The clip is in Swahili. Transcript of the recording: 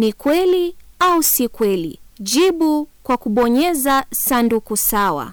Ni kweli au si kweli? Jibu kwa kubonyeza sanduku sawa.